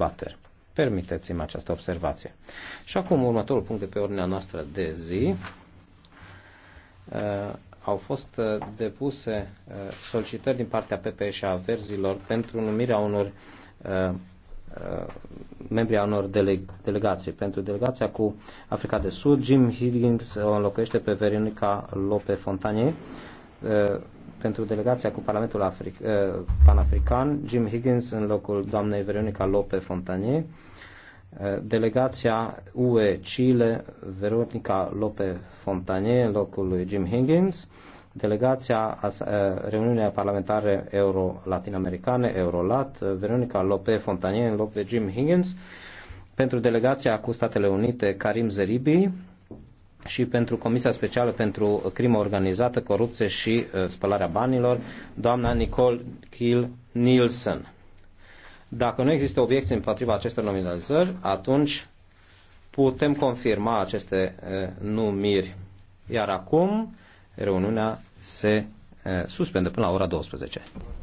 dezbateri. Permiteți-mi această observație. Și acum următorul punct de pe ordinea noastră de zi. Uh, au fost uh, depuse uh, solicitări din partea PPE și a verzilor pentru numirea unor uh, uh membri a unor dele- delegații. Pentru delegația cu Africa de Sud, Jim Higgins o înlocuiește pe Veronica Lope Fontanie Uh, pentru delegația cu Parlamentul Afric- uh, Panafrican, Jim Higgins în locul doamnei Veronica Lope Fontanier, uh, delegația UE Chile, Veronica Lope Fontanier în locul lui Jim Higgins, delegația reuniunea parlamentare euro latinamericane Eurolat, Eurolat, Veronica Lope Fontanier în locul lui Jim Higgins, pentru delegația cu Statele Unite, Karim Zeribi, și pentru Comisia Specială pentru Crimă Organizată, Corupție și uh, Spălarea Banilor, doamna Nicole Kiel Nielsen. Dacă nu există obiecții împotriva acestor nominalizări, atunci putem confirma aceste uh, numiri. Iar acum reuniunea se uh, suspendă până la ora 12.